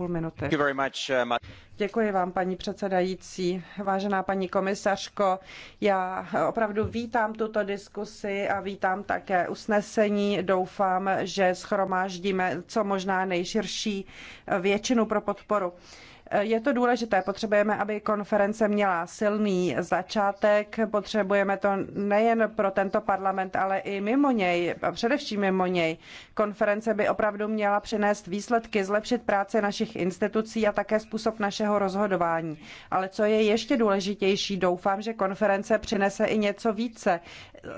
Uh, Děkuji vám, paní předsedající. Vážená paní komisařko, já opravdu vítám tuto diskusi a vítám také usnesení. Doufám, že schromáždíme co možná nejširší většinu pro podporu. Je to důležité, potřebujeme, aby konference měla silný začátek, potřebujeme to nejen pro tento parlament, ale i mimo něj, především mimo něj. Konference by opravdu měla přinést výsledky, zlepšit práci našich institucí a také způsob našeho rozhodování. Ale co je ještě důležitější, doufám, že konference přinese i něco více.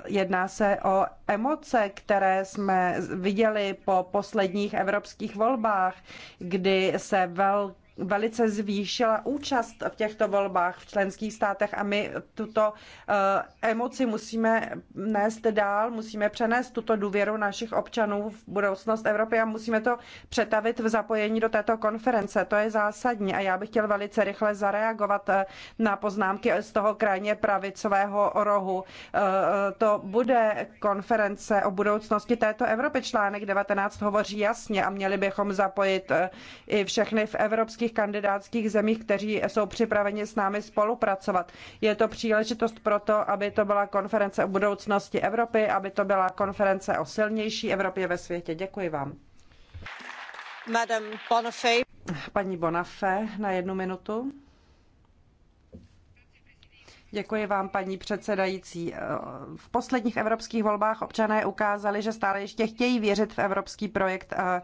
Jedná se o emoce, které jsme viděli po posledních evropských volbách, kdy se velké velice zvýšila účast v těchto volbách v členských státech a my tuto eh, emoci musíme nést dál, musíme přenést tuto důvěru našich občanů v budoucnost Evropy a musíme to přetavit v zapojení do této konference. To je zásadní a já bych chtěl velice rychle zareagovat eh, na poznámky z toho krajně pravicového rohu. Eh, to bude konference o budoucnosti této Evropy. Článek 19 hovoří jasně a měli bychom zapojit i všechny v evropských dalších kandidátských zemích, kteří jsou připraveni s námi spolupracovat. Je to příležitost pro to, aby to byla konference o budoucnosti Evropy, aby to byla konference o silnější Evropě ve světě. Děkuji vám. Madame Paní Bonafé na jednu minutu. Děkuji vám, paní předsedající. V posledních evropských volbách občané ukázali, že stále ještě chtějí věřit v evropský projekt a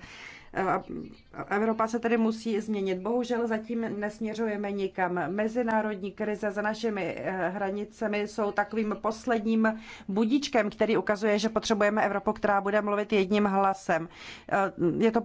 Evropa se tedy musí změnit. Bohužel zatím nesměřujeme nikam. Mezinárodní krize za našimi eh, hranicemi jsou takovým posledním budíčkem, který ukazuje, že potřebujeme Evropu, která bude mluvit jedním hlasem. Eh, je to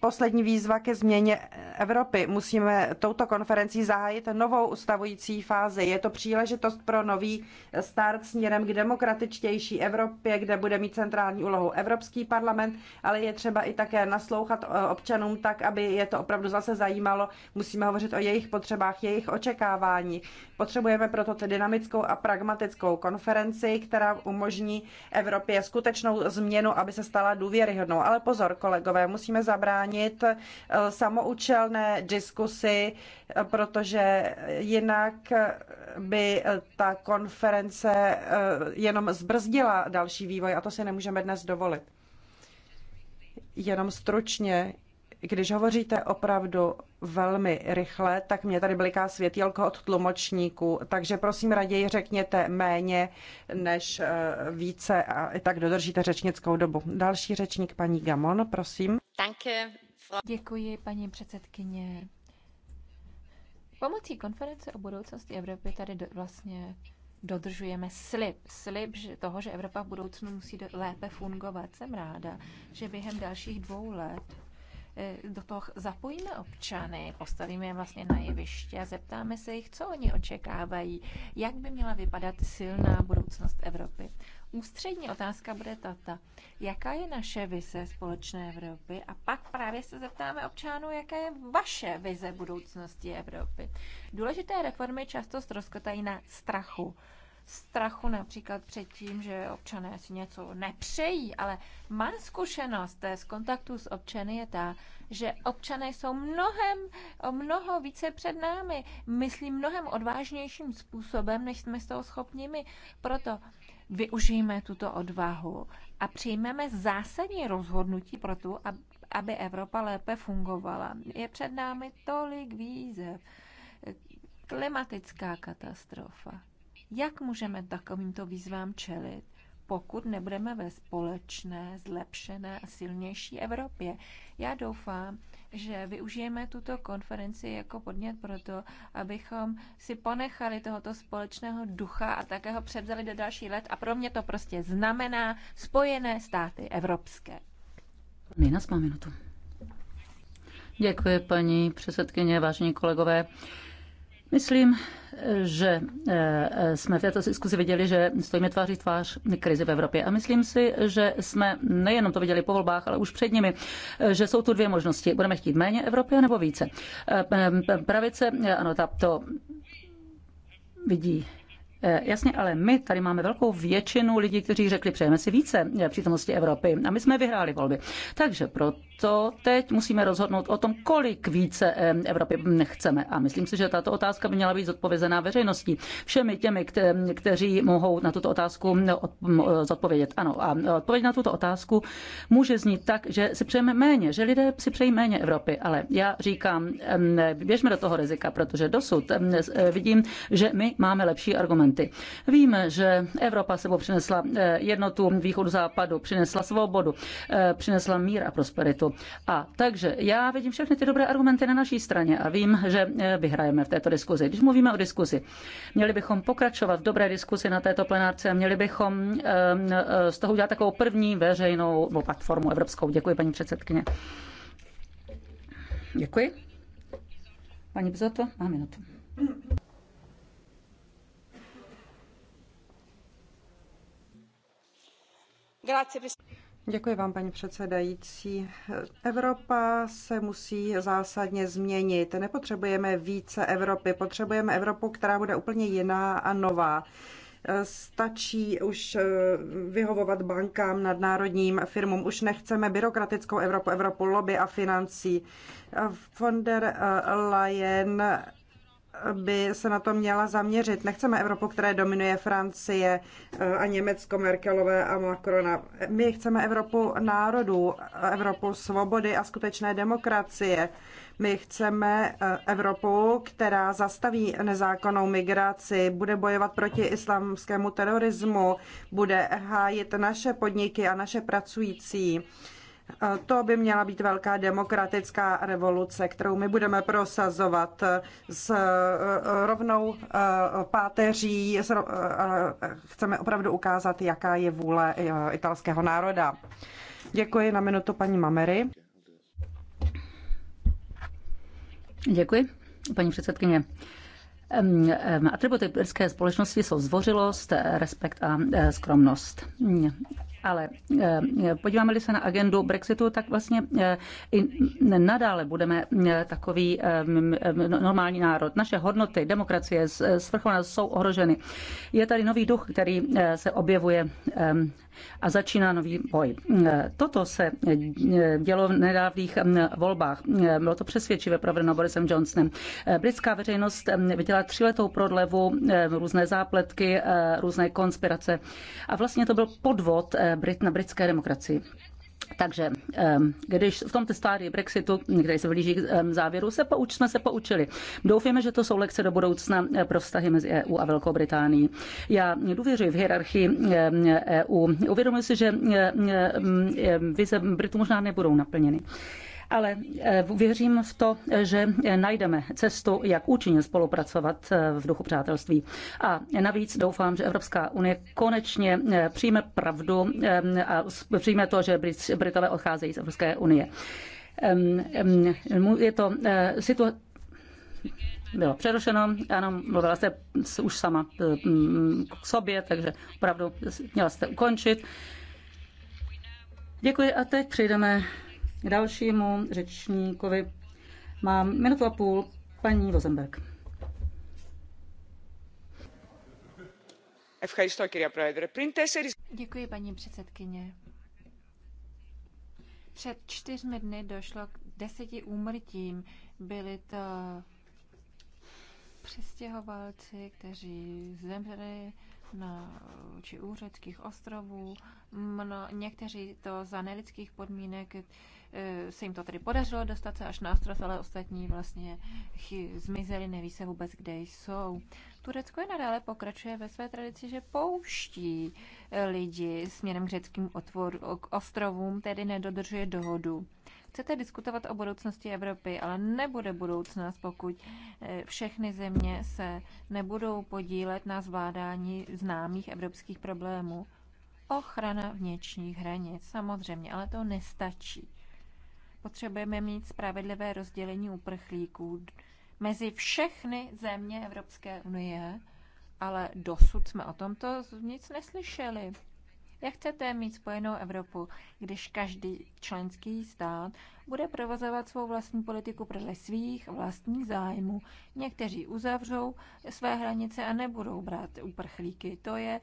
poslední výzva ke změně Evropy. Musíme touto konferencí zahájit novou ustavující fázi. Je to příležitost pro nový start směrem k demokratičtější Evropě, kde bude mít centrální úlohu Evropský parlament, ale je třeba i také naslouchat eh, občanům tak, aby je to opravdu zase zajímalo. Musíme hovořit o jejich potřebách, jejich očekávání. Potřebujeme proto tedy dynamickou a pragmatickou konferenci, která umožní Evropě skutečnou změnu, aby se stala důvěryhodnou. Ale pozor, kolegové, musíme zabránit eh, samoučelné diskusy, eh, protože jinak eh, by ta konference jenom zbrzdila další vývoj a to si nemůžeme dnes dovolit. Jenom stručně když hovoříte opravdu velmi rychle, tak mě tady bliká světílko od tlumočníku, takže prosím raději řekněte méně než eh, více a i tak dodržíte řečnickou dobu. Další řečník paní Gamon, prosím. Děkuji, paní předsedkyně. Pomocí konference o budoucnosti Evropy tady do, vlastně dodržujeme slib. Slib že toho, že Evropa v budoucnu musí do, lépe fungovat. Jsem ráda, že během dalších dvou let Eh, do toho zapojíme občany, postavíme je vlastně na jeviště a zeptáme se jich, co oni očekávají, jak by měla vypadat silná budoucnost Evropy. Ústřední otázka bude tata. Jaká je naše vize společné Evropy? A pak právě se zeptáme občanů, jaká je vaše vize budoucnosti Evropy. Důležité reformy často ztroskotají na strachu strachu například před tím, že občané si něco nepřejí, ale má zkušenost z kontaktu s občany je ta, že občané jsou mnohem, o mnoho více před námi, myslí mnohem odvážnějším způsobem, než jsme s toho schopni my. Proto využijeme tuto odvahu a přijmeme zásadní rozhodnutí pro to, aby Evropa lépe fungovala. Je před námi tolik výzev, klimatická katastrofa, jak můžeme takovýmto výzvám čelit, pokud nebudeme ve společné, zlepšené a silnější Evropě? Já doufám, že využijeme tuto konferenci jako podnět pro to, abychom si ponechali tohoto společného ducha a také ho převzali do další let. A pro mě to prostě znamená Spojené státy evropské. Nina, máme minutu. Děkuji, paní předsedkyně, vážení kolegové. Myslím, že eh, jsme v této diskuzi viděli, že stojíme tváří tvář krizi v Evropě. A myslím si, že jsme nejenom to viděli po volbách, ale už před nimi, eh, že jsou tu dvě možnosti. Budeme chtít méně Evropy nebo více. Eh, pravice, ano, ta to vidí Jasně, ale my tady máme velkou většinu lidí, kteří řekli, přejeme si více přítomnosti Evropy a my jsme vyhráli volby. Takže proto to teď musíme rozhodnout o tom, kolik více Evropy nechceme, A myslím si, že tato otázka by měla být zodpovězená veřejností. Všemi těmi, kteří mohou na tuto otázku no, zodpovědět. Ano, a odpověď na tuto otázku může znít tak, že si přejeme méně, že lidé si přejí méně Evropy. Ale já říkám, běžme do toho rizika, protože dosud e, vidím, že my máme lepší argumenty. Víme, že Evropa sebou přinesla e, jednotu východu západu, přinesla svobodu, e, přinesla mír a prosperitu parlamentu. A takže já vidím všechny ty dobré argumenty na naší straně a vím, že eh, vyhrajeme v této diskuzi. Když mluvíme o diskuzi, měli bychom pokračovat v dobré diskuzi na této plenárce, měli bychom eh, eh, z toho udělat takovou první veřejnou platformu evropskou. Děkuji, paní předsedkyně. Děkuji. Pani Bzoto, má minutu. Děkuji vám, paní předsedající. Evropa se musí zásadně změnit. Nepotřebujeme více Evropy, potřebujeme Evropu, která bude úplně jiná a nová. Stačí už eh, vyhovovat bankám, nadnárodním firmům. Už nechceme byrokratickou Evropu, Evropu lobby a financí. Von der Leyen by se na to měla zaměřit. Nechceme Evropu, které dominuje Francie eh, a Německo, Merkelové a Macrona. My chceme Evropu národů, Evropu svobody a skutečné demokracie. My chceme eh, Evropu, která zastaví nezákonnou migraci, bude bojovat proti islámskému terorismu, bude hájit naše podniky a naše pracující to by měla být velká demokratická revoluce, kterou my budeme prosazovat s eh, rovnou eh, páteří. Eh, chceme opravdu ukázat, jaká je vůle italského národa. Děkuji na minutu paní Mamery. Děkuji, paní předsedkyně. Atributy britské společnosti jsou zvořilost, respekt a skromnost. Ale eh, podíváme-li se na agendu Brexitu, tak vlastně eh, i nadále budeme eh, takový no, normální národ. Naše hodnoty, demokracie, svrchovanost jsou ohroženy. Je tady nový duch, který se objevuje ehm, a začíná nový boj. Toto se dělo v nedávných volbách. Bylo to přesvědčivé provedeno Borisem Johnsonem. Britská veřejnost ehm, viděla tříletou prodlevu, ehm, různé zápletky, různé konspirace. A vlastně to byl podvod Brit, na britské demokracii. Takže když v tomto stádiu Brexitu, kde se blíží k závěru, se pouč, jsme se poučili. Doufáme, že to jsou lekce do budoucna eh, pro vztahy mezi EU a Velkou Británií. Já důvěřuji v hierarchii EU. E Uvědomuji si, že vize Britů možná nebudou naplněny. Ale eh, věřím v to, že najdeme cestu, jak účinně spolupracovat eh, v duchu přátelství. A navíc doufám, že Evropská unie konečně eh, přijme pravdu a přijme to, že Britové odcházejí z Evropské unie. Je to situace, bylo přerušeno, ano, mluvila jste už sama mm, k sobě, takže opravdu měla jste ukončit. Děkuji a teď přejdeme dalšímu řečníkovi. Mám minutu a půl, paní Rosenberg. Děkuji, paní předsedkyně. Před čtyřmi dny došlo k deseti úmrtím. Byli to přistěhovalci, kteří zemřeli na či úřeckých ostrovů. Mno, někteří to za nelidských podmínek, Eh, se jim to tedy podařilo dostat se až na ostrov, ale ostatní vlastně zmizeli, neví se vůbec, kde jsou. Turecko je nadále pokračuje ve své tradici, že pouští eh, lidi směrem k řeckým otvor, k ostrovům, tedy nedodržuje dohodu. Chcete diskutovat o budoucnosti Evropy, ale nebude budoucnost, pokud eh, všechny země se nebudou podílet na zvládání známých evropských problémů. Ochrana vnějších hranic, samozřejmě, ale to nestačí. Potřebujeme mít spravedlivé rozdělení uprchlíků mezi všechny země Evropské unie, ale dosud jsme o tomto nic neslyšeli. Jak chcete mít spojenou Evropu, když každý členský stát bude provozovat svou vlastní politiku podle svých vlastních zájmů. Někteří uzavřou své hranice a nebudou brát uprchlíky. To je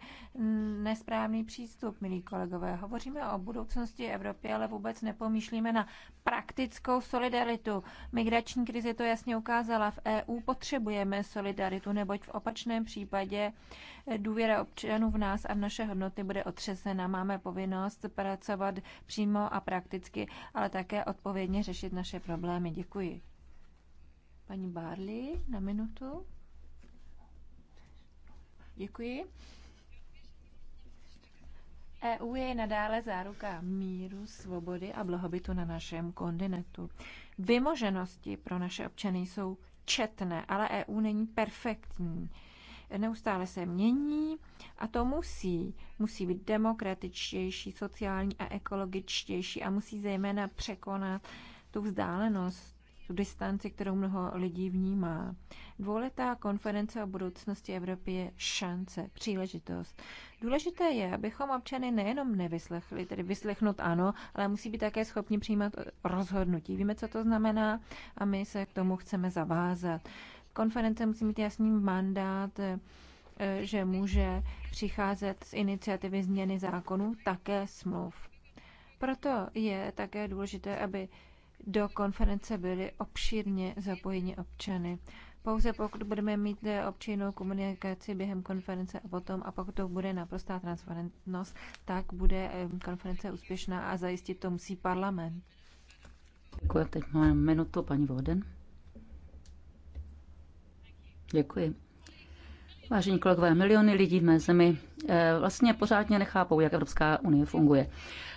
nesprávný přístup, milí kolegové. Hovoříme o budoucnosti Evropy, ale vůbec nepomýšlíme na praktickou solidaritu. Migrační krize to jasně ukázala. V EU potřebujeme solidaritu, neboť v opačném případě důvěra občanů v nás a v naše hodnoty bude otřesena. Máme povinnost pracovat přímo a prakticky, ale také odpovědně zodpovědně řešit naše problémy. Děkuji. Paní Barley na minutu. Děkuji. EU je nadále záruka míru, svobody a blahobytu na našem kontinentu. Vymoženosti pro naše občany jsou četné, ale EU není perfektní neustále se mění a to musí. Musí být demokratičtější, sociální a ekologičtější a musí zejména překonat tu vzdálenost, tu distanci, kterou mnoho lidí vnímá. Dvouletá konference o budoucnosti Evropy je šance, příležitost. Důležité je, abychom občany nejenom nevyslechli, tedy vyslechnout ano, ale musí být také schopni přijímat rozhodnutí. Víme, co to znamená a my se k tomu chceme zavázat. Konference musí mít jasný mandát, eh, že může přicházet z iniciativy změny zákonů také smluv. Proto je také důležité, aby do konference byly obšírně zapojeni občany. Pouze pokud budeme mít eh, občinnou komunikaci během konference a potom, a pokud to bude naprostá transparentnost, tak bude eh, konference úspěšná a zajistit to musí parlament. Děkuji, teď máme minutu, paní Voden. Děkuji. Vážení kolegové, miliony lidí v mé zemi eh, vlastně pořádně nechápou, jak Evropská unie funguje.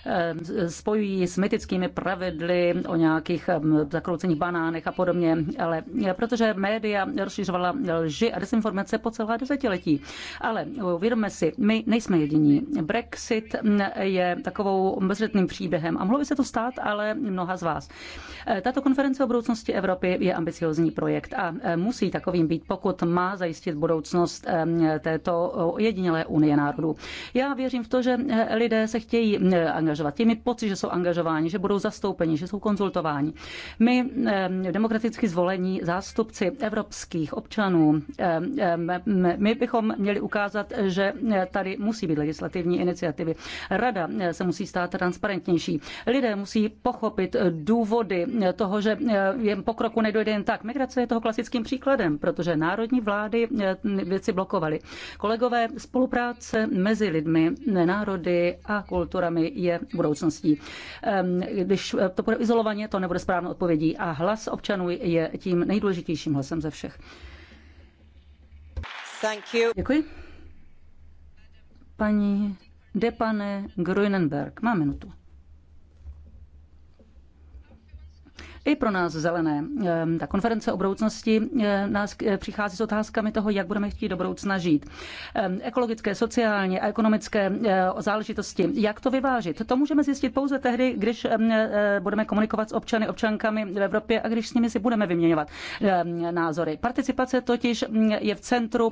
Ehm, spojují s mytickými pravidly o nějakých ehm, zakroucených banánech a podobně, ale eh, protože média rozšiřovala lži a desinformace po celá desetiletí. Ale eh, uvědomme si, my nejsme jediní. Brexit mm, je takovou bezřetným příběhem a mohlo by se to stát, ale mnoha z vás. Eh, tato konference o budoucnosti Evropy je ambiciozní projekt a musí takovým být, pokud má zajistit budoucnost ehm, této jedinělé unie národů. Já věřím v to, že lidé se chtějí angažovat angažovat. Těmi pocit, že jsou angažováni, že budou zastoupeni, že jsou konzultováni. My, eh, demokraticky zvolení zástupci evropských občanů, eh, eh, my bychom měli ukázat, že tady musí být legislativní iniciativy. Rada se musí stát transparentnější. Lidé musí pochopit důvody toho, že jen pokroku nedojde jen tak. Migrace je toho klasickým příkladem, protože národní vlády věci blokovaly. Kolegové, spolupráce mezi lidmi, národy a kulturami je Budoucnosti. Ehm, když to bude izolovaně, to nebude správnou odpovědí a hlas občanů je tím nejdůležitějším hlasem ze všech. Thank you. Děkuji. Paní Depane Grunenberg má minutu. i pro nás zelené. Ehm, ta konference o budoucnosti eh, nás eh, přichází s otázkami toho, jak budeme chtít do budoucna žít. Ehm, ekologické, sociální a ekonomické eh, záležitosti, jak to vyvážit, to můžeme zjistit pouze tehdy, když ehm, budeme komunikovat s občany, občankami v Evropě a když s nimi si budeme vyměňovat názory. Participace totiž mm, je v centru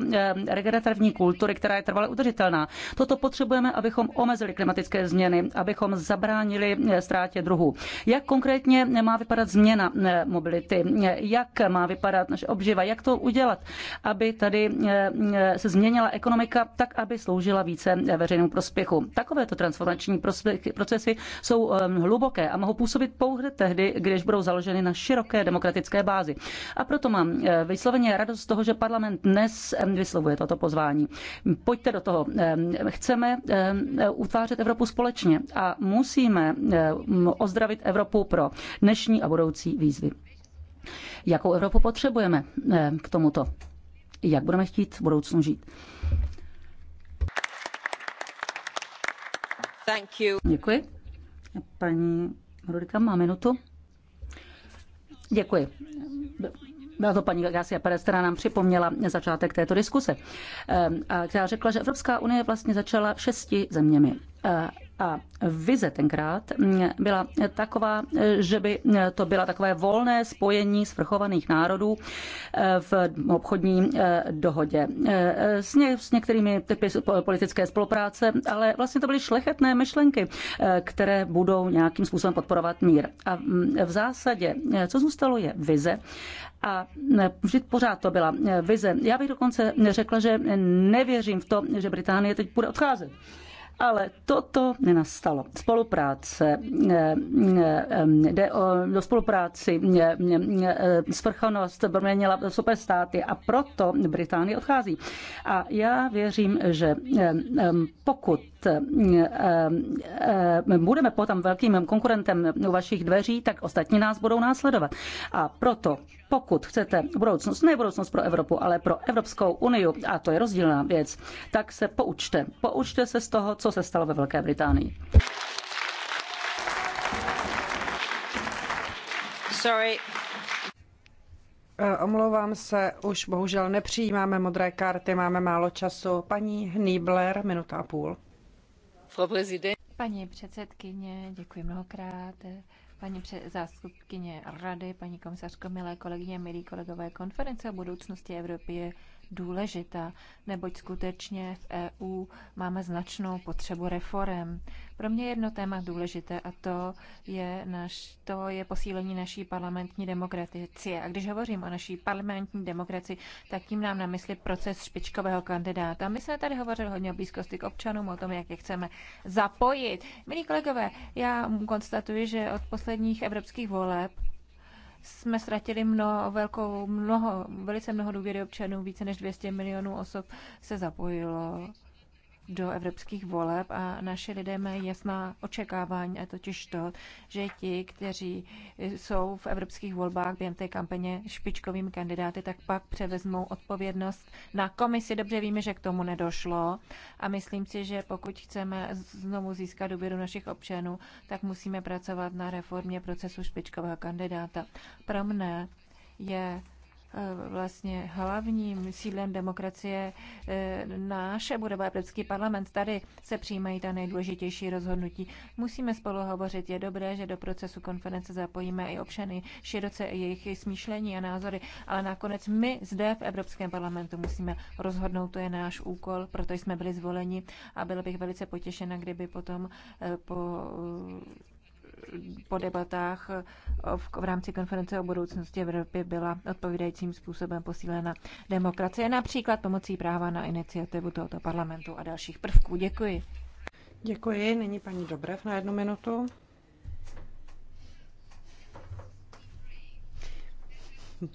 regenerativní kultury, která je trvale udržitelná. Toto potřebujeme, abychom omezili klimatické změny, abychom zabránili ztrátě druhů. Jak konkrétně má vypadat změna změna eh, mobility, jak má vypadat naše obživa, jak to udělat, aby tady eh, eh, se změnila ekonomika tak, aby sloužila více veřejnému prospěchu. Takovéto transformační procesy jsou ehm, hluboké a mohou působit pouze tehdy, když budou založeny na široké demokratické bázi. A proto mám vysloveně radost z toho, že parlament dnes ehm, vyslovuje toto pozvání. Pojďte do toho. Ehm, chceme utvářet Evropu společně a musíme ozdravit Evropu pro dnešní a budoucí budoucí výzvy. Jakou Evropu potřebujeme eh, k tomuto? Jak budeme chtít v budoucnu žít? Thank you. Děkuji. Paní Rudika má minutu. Děkuji. Byla to paní Garcia Perez, která nám připomněla začátek této diskuse, eh, a která řekla, že Evropská unie vlastně začala šesti zeměmi eh, a vize tenkrát byla taková, že by to byla takové volné spojení svrchovaných národů v obchodní eh, dohodě. Eh, s, ně, s některými typy politické spolupráce, ale vlastně to byly šlechetné myšlenky, eh, které budou nějakým způsobem podporovat mír. A v zásadě, co zůstalo, je vize. A vždy pořád to byla vize. Já bych dokonce řekla, že nevěřím v to, že Británie teď bude odcházet ale toto nenastalo. Spolupráce, eh, eh, jde o, do spolupráci eh, svrchanost proměnila super státy a proto Británie odchází. A já věřím, že pokud budeme potom velkým konkurentem u vašich dveří, tak ostatní nás budou následovat. A proto pokud chcete budoucnost, ne budoucnost pro Evropu, ale pro Evropskou unii, a to je rozdílná věc, tak se poučte. Poučte se z toho, co se stalo ve Velké Británii. Sorry. Eh, omlouvám se, už bohužel nepřijímáme modré karty, máme málo času. Paní Hnibler, minuta a půl. Paní předsedkyně, děkuji mnohokrát paní zástupkyně rady, paní komisařko, milé kolegyně, milí kolegové, konference o budoucnosti Evropy je důležitá, neboť skutečně v EU máme značnou potřebu reform. Pro mě jedno téma důležité a to je, naš, to je posílení naší parlamentní demokracie. A když hovořím o naší parlamentní demokracii, tak tím nám na mysli proces špičkového kandidáta. My jsme tady hovořili hodně o blízkosti k občanům, o tom, jak je chceme zapojit. Milí kolegové, já konstatuji, že od posledních evropských voleb jsme ztratili mnoho, velkou, mnoho, velice mnoho důvěry občanů, více než 200 milionů osob se zapojilo do evropských voleb a naši lidé mají jasná očekávání, a totiž to, že ti, kteří jsou v evropských volbách během té kampaně špičkovými kandidáty, tak pak převezmou odpovědnost na komisi. Dobře víme, že k tomu nedošlo a myslím si, že pokud chceme znovu získat důvěru našich občanů, tak musíme pracovat na reformě procesu špičkového kandidáta. Pro mne je Eh, vlastně hlavním sídlem demokracie eh, náš budova Evropský parlament. Tady se přijímají ta nejdůležitější rozhodnutí. Musíme spolu hovořit. Je dobré, že do procesu konference zapojíme i občany, široce jejich smýšlení a názory, ale nakonec my zde v Evropském parlamentu musíme rozhodnout. To je náš úkol, proto jsme byli zvoleni a byla bych velice potěšena, kdyby potom eh, po po debatách v, v rámci konference o budoucnosti Evropy byla odpovídajícím způsobem posílena demokracie, například pomocí práva na iniciativu tohoto parlamentu a dalších prvků. Děkuji. Děkuji. Není paní Dobrev na jednu minutu.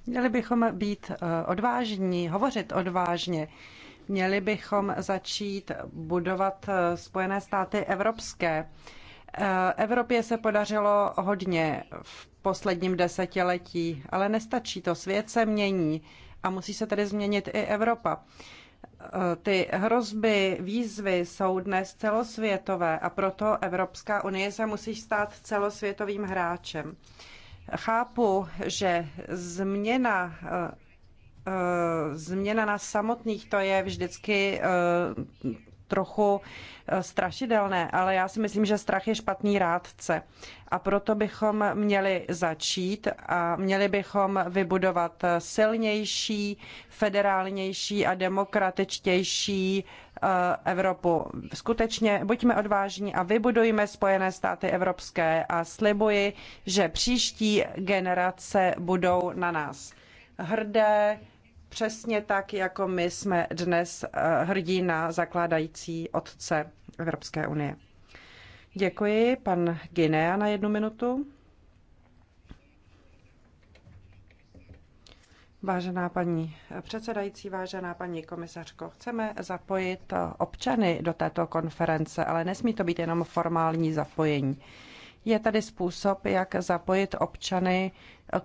Měli bychom být eh, odvážní, hovořit odvážně. Měli bychom začít budovat eh, Spojené státy evropské. Eh, Evropě se podařilo hodně v posledním desetiletí, ale nestačí to. Svět se mění a musí se tedy změnit i Evropa. Eh, ty hrozby, výzvy jsou dnes celosvětové a proto Evropská unie se musí stát celosvětovým hráčem. Chápu, že změna eh, změna na samotných, to je vždycky trochu eh, strašidelné, ale já si myslím, že strach je špatný rádce. A proto bychom měli začít a měli bychom vybudovat eh, silnější, federálnější a demokratičtější eh, Evropu. Skutečně buďme odvážní a vybudujme Spojené státy evropské a slibuji, že příští generace budou na nás hrdé, Přesně tak, jako my jsme dnes eh, hrdí na zakládající otce Evropské unie. Děkuji. Pan Ginea, na jednu minutu. Vážená paní předsedající, vážená paní komisařko, chceme zapojit občany do této konference, ale nesmí to být jenom formální zapojení. Je tady způsob, jak zapojit občany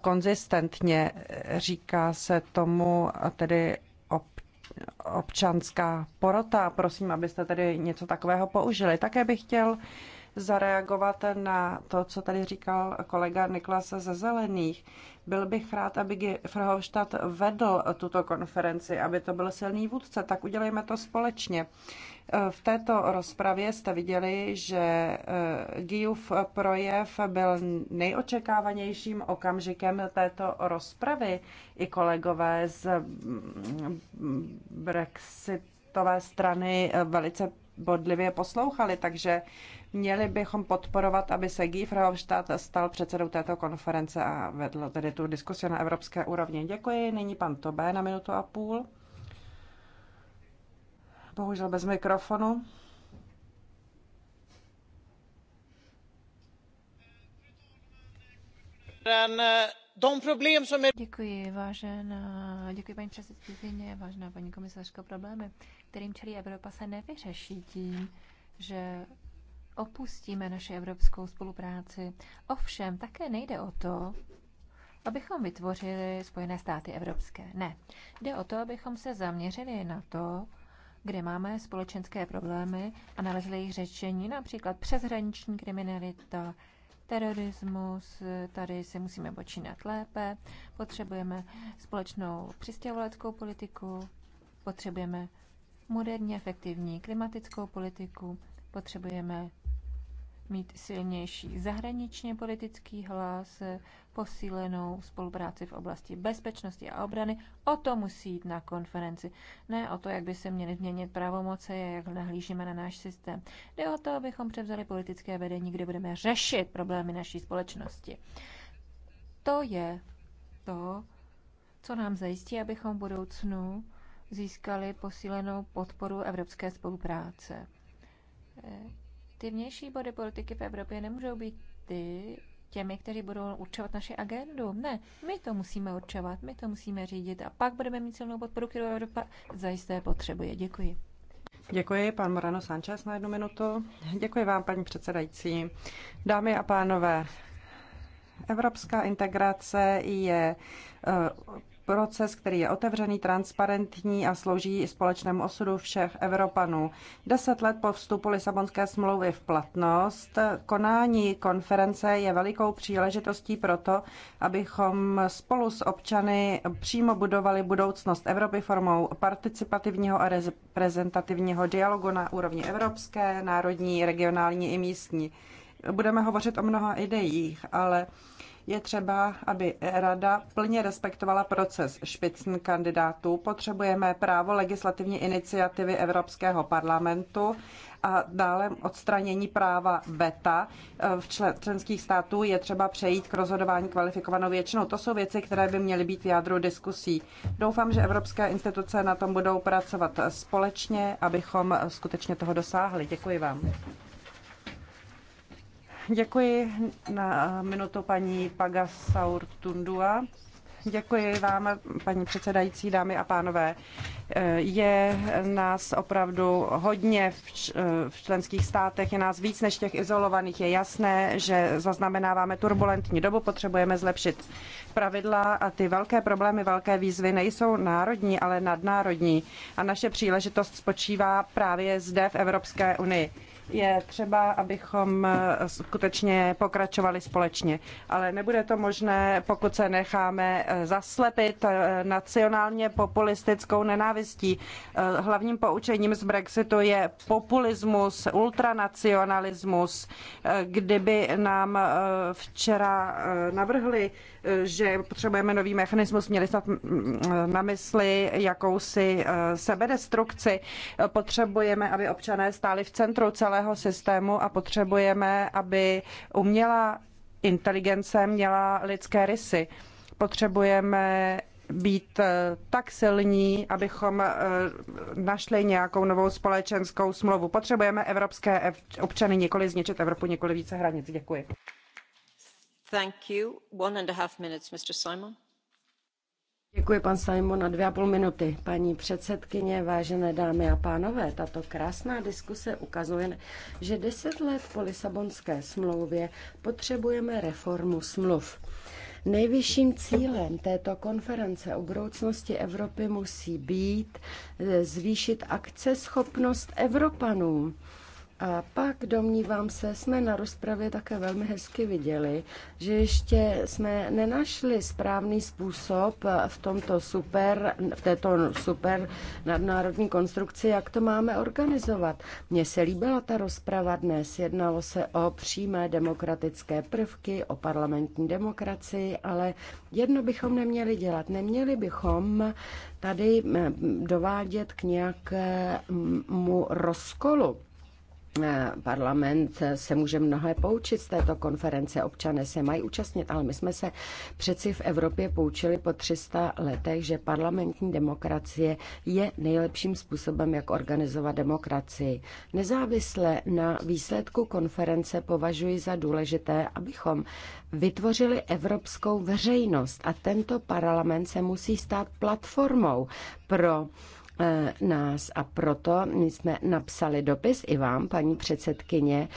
konzistentně. Říká se tomu tedy občanská porota. Prosím, abyste tedy něco takového použili. Také bych chtěl zareagovat na to, co tady říkal kolega Niklas ze Zelených. Byl bych rád, aby Frhofstadt vedl tuto konferenci, aby to byl silný vůdce, tak udělejme to společně. V této rozpravě jste viděli, že eh, Gijův projev byl nejočekávanějším okamžikem této rozpravy. I kolegové z mm, Brexitové strany eh, velice bodlivě poslouchali, takže Měli bychom podporovat, aby se Guy Verhofstadt stal předsedou této konference a vedl tedy tu diskusi na evropské úrovni. Děkuji. Nyní pan Tobé na minutu a půl. Bohužel bez mikrofonu. Děkuji, vážená, děkuji paní předsedkyně, vážená paní komisařko, problémy, kterým čelí Evropa, se nevyřeší tím, že opustíme naše evropskou spolupráci. Ovšem, také nejde o to, abychom vytvořili Spojené státy evropské. Ne. Jde o to, abychom se zaměřili na to, kde máme společenské problémy a nalezli jejich řešení, například přeshraniční kriminalita, terorismus, tady si musíme počínat lépe, potřebujeme společnou přistěhovaleckou politiku, potřebujeme moderní efektivní klimatickou politiku, potřebujeme mít silnější zahraničně politický hlas, posílenou spolupráci v oblasti bezpečnosti a obrany. O to musí jít na konferenci. Ne o to, jak by se měly změnit pravomoce jak nahlížíme na náš systém. Jde o to, abychom převzali politické vedení, kde budeme řešit problémy naší společnosti. To je to, co nám zajistí, abychom v budoucnu získali posílenou podporu evropské spolupráce ty vnější body politiky v Evropě nemůžou být ty, těmi, kteří budou určovat naši agendu. Ne, my to musíme určovat, my to musíme řídit a pak budeme mít silnou podporu, kterou Evropa zajisté potřebuje. Děkuji. Děkuji, pan Morano Sánchez na jednu minutu. Děkuji vám, paní předsedající. Dámy a pánové, evropská integrace je eh, proces, který je otevřený, transparentní a slouží společnému osudu všech Evropanů. Deset let po vstupu Lisabonské smlouvy v platnost, konání konference je velikou příležitostí pro to, abychom spolu s občany přímo budovali budoucnost Evropy formou participativního a reprezentativního dialogu na úrovni evropské, národní, regionální i místní. Budeme hovořit o mnoha ideích, ale je třeba, aby Rada plně respektovala proces špicn kandidátů. Potřebujeme právo legislativní iniciativy Evropského parlamentu a dále odstranění práva beta v členských států je třeba přejít k rozhodování kvalifikovanou většinou. To jsou věci, které by měly být v jádru diskusí. Doufám, že evropské instituce na tom budou pracovat společně, abychom skutečně toho dosáhli. Děkuji vám. Děkuji na minutu paní Pagasaur Tundua. Děkuji vám, paní předsedající, dámy a pánové. Je nás opravdu hodně v členských státech, je nás víc než těch izolovaných. Je jasné, že zaznamenáváme turbulentní dobu, potřebujeme zlepšit pravidla a ty velké problémy, velké výzvy nejsou národní, ale nadnárodní. A naše příležitost spočívá právě zde v Evropské unii je třeba, abychom eh, skutečně pokračovali společně. Ale nebude to možné, pokud se necháme eh, zaslepit eh, nacionálně populistickou nenávistí. Hlavním poučením z Brexitu je populismus, ultranacionalismus. Kdyby nám včera navrhli že potřebujeme nový mechanismus, měli snad mm, na mysli jakousi eh, sebedestrukci. Potřebujeme, aby občané stáli v centru celého systému a potřebujeme, aby umělá inteligence měla lidské rysy. Potřebujeme být eh, tak silní, abychom eh, našli nějakou novou společenskou smlouvu. Potřebujeme evropské občany, nikoli zničit Evropu, nikoli více hranic. Děkuji. Děkuji, na dvě a půl minuty. Paní předsedkyně, vážené dámy a pánové, tato krásná diskuse ukazuje, že deset let po Lisabonské smlouvě potřebujeme reformu smluv. Nejvyšším cílem této konference o budoucnosti Evropy musí být eh, zvýšit akceschopnost Evropanů a pak, domnívám se, jsme na rozpravě také velmi hezky viděli, že ještě jsme nenašli správný způsob v, tomto super, v této super nadnárodní konstrukci, jak to máme organizovat. Mně se líbila ta rozprava dnes. Jednalo se o přímé demokratické prvky, o parlamentní demokracii, ale jedno bychom neměli dělat. Neměli bychom tady mm, dovádět k nějakému rozkolu Eh, parlament se může mnohé poučit z této konference. Občané se mají účastnit, ale my jsme se přeci v Evropě poučili po 300 letech, že parlamentní demokracie je nejlepším způsobem, jak organizovat demokracii. Nezávisle na výsledku konference považuji za důležité, abychom vytvořili evropskou veřejnost a tento parlament se musí stát platformou pro E, nás a proto my jsme napsali dopis i vám, paní předsedkyně,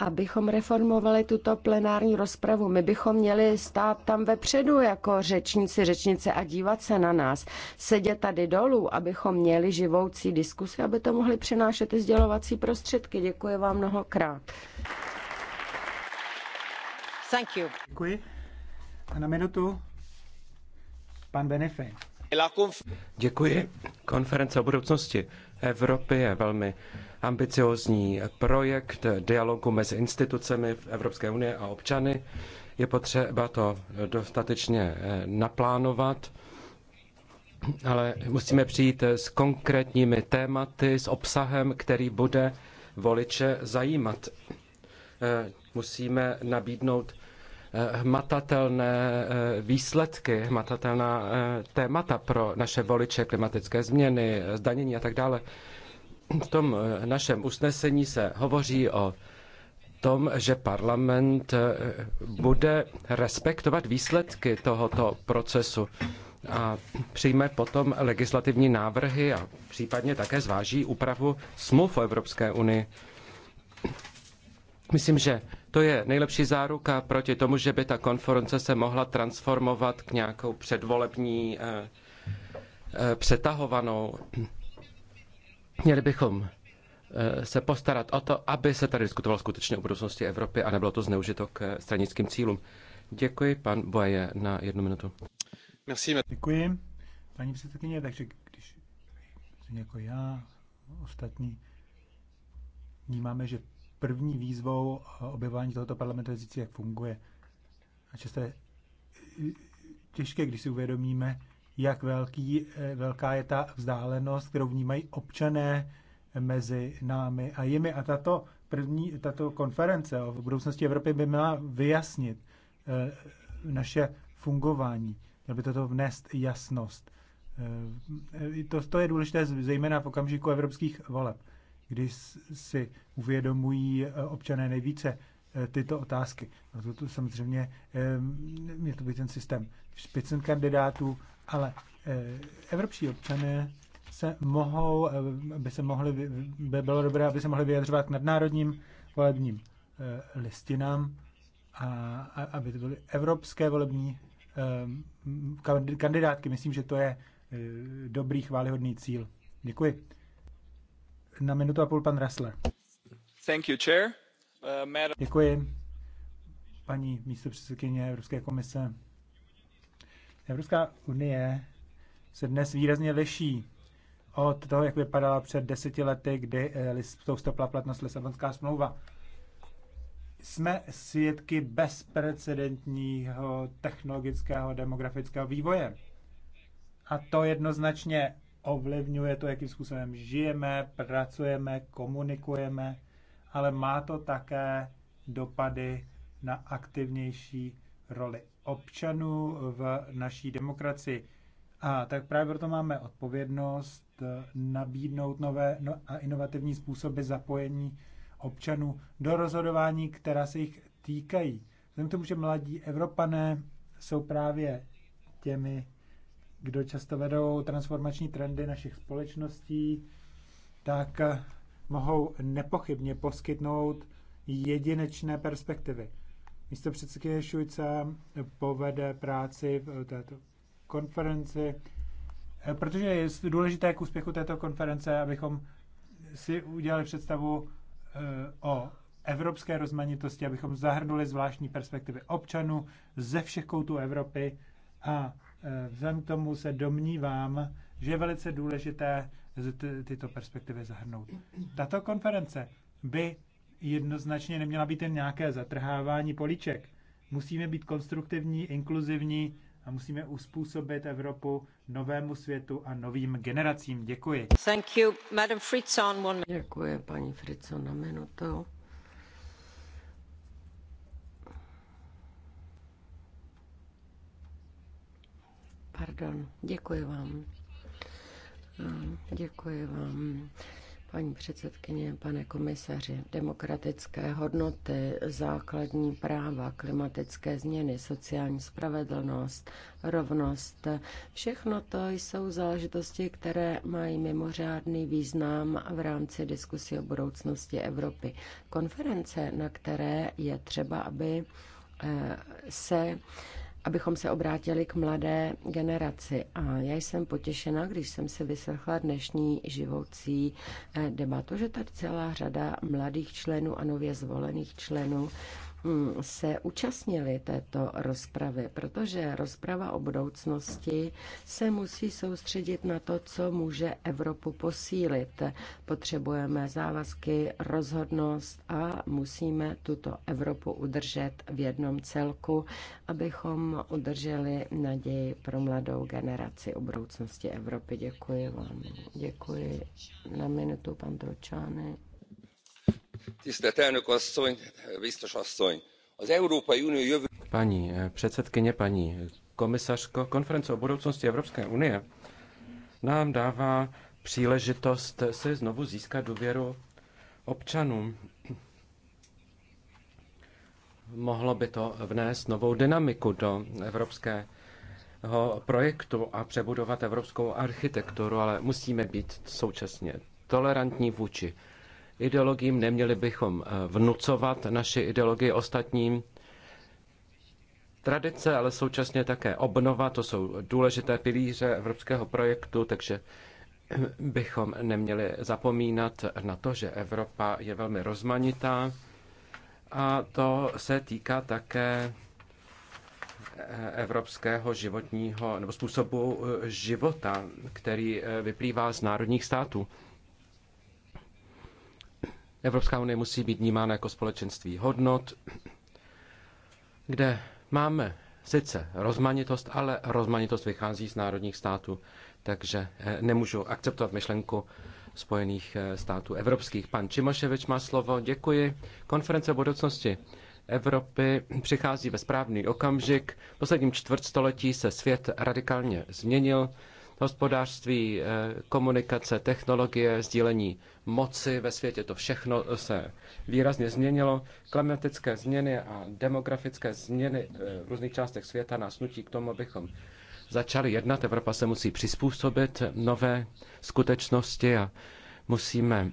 abychom reformovali tuto plenární rozpravu. My bychom měli stát tam vepředu jako řečníci, řečnice a dívat se na nás. Sedět tady dolů, abychom měli živoucí diskusy, aby to mohli přinášet i sdělovací prostředky. Děkuji vám mnohokrát. Thank you. Děkuji. A na minutu pan Benefej. Děkuji. Konference o budoucnosti Evropy je velmi ambiciozní projekt dialogu mezi institucemi v Evropské unie a občany. Je potřeba to dostatečně eh, naplánovat, ale musíme přijít s konkrétními tématy, s obsahem, který bude voliče zajímat. Eh, musíme nabídnout Eh, hmatatelné eh, výsledky, hmatatelná eh, témata pro naše voliče, klimatické změny, zdanění a tak dále. V tom našem usnesení se hovoří o tom, že parlament bude respektovat výsledky tohoto procesu a přijme potom legislativní návrhy a případně také zváží úpravu smluv o Evropské unii. Myslím, že to je nejlepší záruka proti tomu, že by ta konference se mohla transformovat k nějakou předvolební eh, eh, přetahovanou. Měli bychom eh, se postarat o to, aby se tady diskutovalo skutečně o budoucnosti Evropy a nebylo to zneužito k eh, stranickým cílům. Děkuji, pan Boje, na jednu minutu. Děkuji, paní předsedkyně, takže když jako já, ostatní, vnímáme, že první výzvou eh, objevování tohoto parlamentu je říct, jak funguje. A často je eh, těžké, když si uvědomíme, jak velký, eh, velká je ta vzdálenost, kterou vnímají občané mezi námi a jimi. A tato první, tato konference o budoucnosti Evropy by měla vyjasnit naše fungování. Měl by toto vnést jasnost. To, to je důležité zejména v okamžiku evropských voleb kdy si uvědomují eh, občané nejvíce eh, tyto otázky. No to, to samozřejmě eh, je to by ten systém špicen kandidátů, ale evropští občané se mohou, by se mohli, by bylo dobré, aby se mohli vyjadřovat k nadnárodním volebním listinám a, a aby to byly evropské volební kandidátky. Myslím, že to je dobrý, chválihodný cíl. Děkuji na minutu a půl pan Rassler. Thank you, chair. Uh, madam... Děkuji, paní místopředsedkyně Evropské komise. Evropská unie se dnes výrazně liší od toho, jak vypadala před deseti lety, kdy eh, vstoupila platnost Lisabonská smlouva. Jsme svědky bezprecedentního technologického demografického vývoje. A to jednoznačně ovlivňuje to, jakým způsobem žijeme, pracujeme, komunikujeme, ale má to také dopady na aktivnější roli občanů v naší demokracii. A tak právě proto máme odpovědnost eh, nabídnout nové no a inovativní způsoby zapojení občanů do rozhodování, která se jich týkají. Vzhledem k tomu, že mladí Evropané jsou právě těmi kdo často vedou transformační trendy našich společností, tak eh, mohou nepochybně poskytnout jedinečné perspektivy. Místo předsedkyně Šujce eh, povede práci v eh, této konferenci, protože je důležité k úspěchu této konference, abychom si udělali představu o evropské rozmanitosti, abychom zahrnuli zvláštní perspektivy občanů ze všech koutů Evropy a Eh, vzhledem k tomu se domnívám, že je velice důležité tyto perspektivy zahrnout. Tato konference by jednoznačně neměla být jen nějaké zatrhávání políček. Musíme být konstruktivní, inkluzivní a musíme uspůsobit Evropu novému světu a novým generacím. Děkuji. Thank you, Madam Fritzon. One... Děkuji, paní Fritzon, na minutu. Pardon, děkuji vám. Děkuji vám. Paní předsedkyně, pane komisaři, demokratické hodnoty, základní práva, klimatické změny, sociální spravedlnost, rovnost, všechno to jsou záležitosti, které mají mimořádný význam v rámci diskusy o budoucnosti Evropy. Konference, na které je třeba, aby eh, se abychom se obrátili k mladé generaci. A já jsem potěšena, když jsem se vyslechla dnešní živoucí eh, debatu, že tady celá řada mladých členů a nově zvolených členů Mm, se účastnili této rozpravy, protože rozprava o budoucnosti se musí soustředit na to, co může Evropu posílit. Potřebujeme závazky, rozhodnost a musíme tuto Evropu udržet v jednom celku, abychom udrželi naději pro mladou generaci o budoucnosti Evropy. Děkuji vám. Děkuji na minutu, pan Tročány. Paní eh, předsedkyně, paní komisařko, konference o budoucnosti Evropské unie nám dává příležitost si znovu získat důvěru občanům. Mohlo by to vnést novou dynamiku do evropského projektu a přebudovat evropskou architekturu, ale musíme být současně tolerantní vůči ideologiím, neměli bychom eh, vnucovat naši ideologii ostatním. Tradice, ale současně také obnova, to jsou důležité pilíře evropského projektu, takže bychom neměli zapomínat na to, že Evropa je velmi rozmanitá a to se týká také eh, evropského životního nebo způsobu eh, života, který vyplývá z národních států. Evropská unie musí být vnímána jako společenství hodnot, kde máme sice rozmanitost, ale rozmanitost vychází z národních států, takže eh, nemůžu akceptovat myšlenku Spojených eh, států evropských. Pan Čimoševič má slovo. Děkuji. Konference o budoucnosti Evropy přichází ve správný okamžik. V posledním čtvrtstoletí se svět radikálně změnil hospodářství, eh, komunikace, technologie, sdílení moci ve světě. To všechno se výrazně změnilo. Klimatické změny a demografické změny eh, v různých částech světa nás nutí k tomu, abychom začali jednat. Evropa se musí přizpůsobit nové skutečnosti a musíme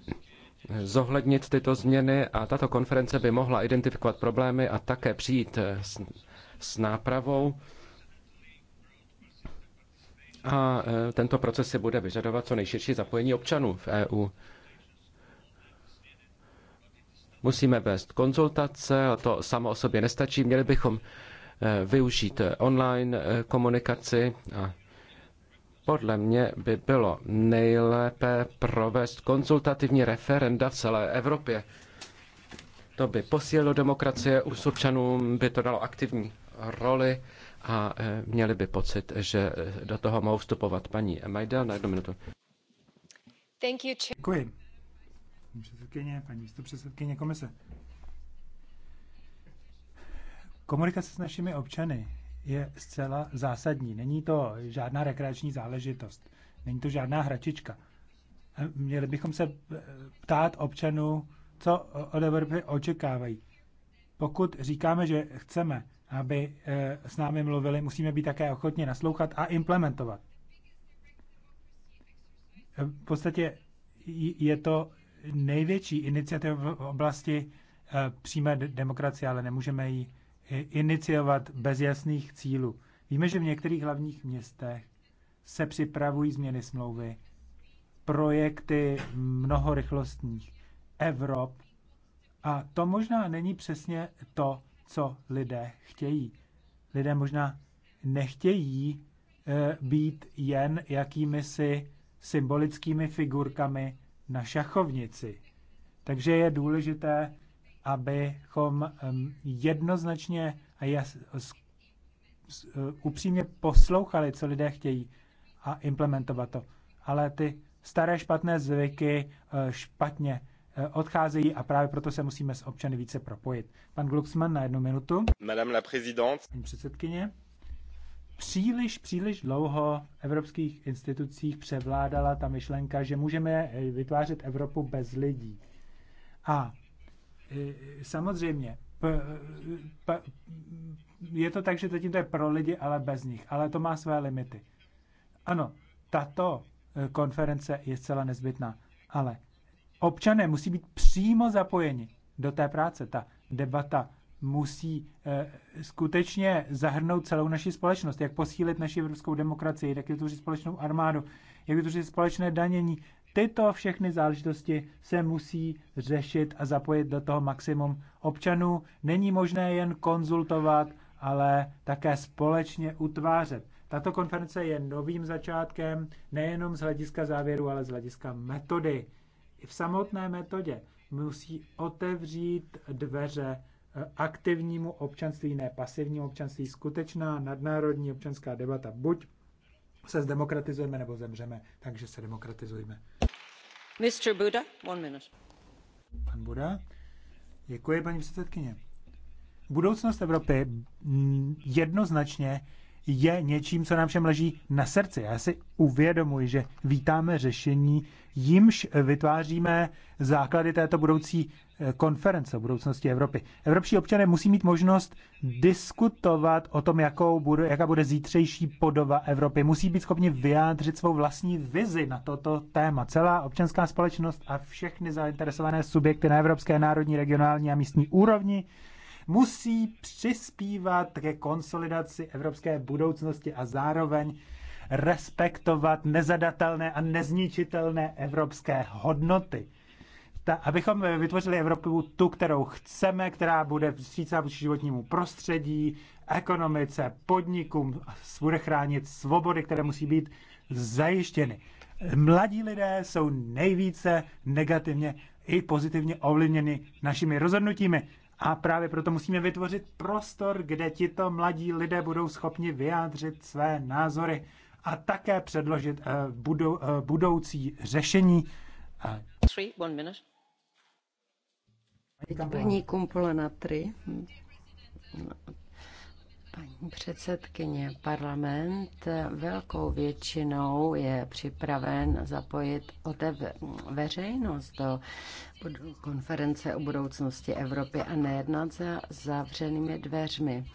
zohlednit tyto změny a tato konference by mohla identifikovat problémy a také přijít eh, s, s nápravou. A e, tento proces si bude vyžadovat co nejširší zapojení občanů v EU. Musíme vést konzultace, a to samo o sobě nestačí. Měli bychom e, využít online e, komunikaci a podle mě by bylo nejlépe provést konzultativní referenda v celé Evropě. To by posílilo demokracie, u občanů, by to dalo aktivní roli a e, měli by pocit, že e, do toho mohou vstupovat. Paní Majdel, na jednu minutu. Thank you, Děkuji. Paní předsedkyně, paní předsedkyně komise. Komunikace s našimi občany je zcela zásadní. Není to žádná rekreační záležitost. Není to žádná hračička. E, měli bychom se ptát občanů, co od Evropy očekávají. Pokud říkáme, že chceme aby eh, s námi mluvili, musíme být také ochotně naslouchat a implementovat. Eh, v podstatě je to největší iniciativa v oblasti eh, přímé demokracie, ale nemůžeme ji iniciovat bez jasných cílů. Víme, že v některých hlavních městech se připravují změny smlouvy, projekty mnohorychlostních Evrop a to možná není přesně to, co lidé chtějí. Lidé možná nechtějí e, být jen jakými si symbolickými figurkami na šachovnici. Takže je důležité, abychom jednoznačně a jas, eh, upřímně poslouchali, co lidé chtějí a implementovat to. Ale ty staré špatné zvyky eh, špatně Eh, odcházejí a právě proto se musíme s občany více propojit. Pan Glucksmann na jednu minutu. Madame la présidente. Paní předsedkyně. Příliš, příliš dlouho v evropských institucích převládala ta myšlenka, že můžeme eh, vytvářet Evropu bez lidí. A eh, samozřejmě, p, p, je to tak, že zatím to je pro lidi, ale bez nich. Ale to má své limity. Ano, tato konference je zcela nezbytná, ale občané musí být přímo zapojeni do té práce. Ta debata musí eh, skutečně zahrnout celou naši společnost, jak posílit naši evropskou demokracii, jak vytvořit společnou armádu, jak vytvořit společné danění. Tyto všechny záležitosti se musí řešit a zapojit do toho maximum občanů. Není možné jen konzultovat, ale také společně utvářet. Tato konference je novým začátkem nejenom z hlediska závěru, ale z hlediska metody, i v samotné metodě musí otevřít dveře eh, aktivnímu občanství, ne pasivnímu občanství, skutečná nadnárodní občanská debata. Buď se zdemokratizujeme, nebo zemřeme, takže se demokratizujeme. Mr. Buda, one minute. Pan Buda. Děkuji, paní předsedkyně. Budoucnost Evropy mm, jednoznačně je něčím, co nám všem leží na srdci. Já si uvědomuji, že vítáme řešení, jimž vytváříme základy této budoucí eh, konference o budoucnosti Evropy. Evropští občané musí mít možnost diskutovat o tom, jakou bude, jaká bude zítřejší podoba Evropy. Musí být schopni vyjádřit svou vlastní vizi na toto téma. Celá občanská společnost a všechny zainteresované subjekty na evropské, národní, regionální a místní úrovni musí přispívat ke konsolidaci evropské budoucnosti a zároveň respektovat nezadatelné a nezničitelné evropské hodnoty. Ta, abychom vytvořili Evropu tu, kterou chceme, která bude vstřícná vůči životnímu prostředí, ekonomice, podnikům, bude chránit svobody, které musí být zajištěny. Mladí lidé jsou nejvíce negativně i pozitivně ovlivněni našimi rozhodnutími. A právě proto musíme vytvořit prostor, kde tito mladí lidé budou schopni vyjádřit své názory a také předložit eh, budou, eh, budoucí řešení. Eh, Three, one minute. Paní Kumpola na tři. Paní předsedkyně, parlament velkou většinou je připraven zapojit té veřejnost do konference o budoucnosti Evropy a nejednat za zavřenými dveřmi.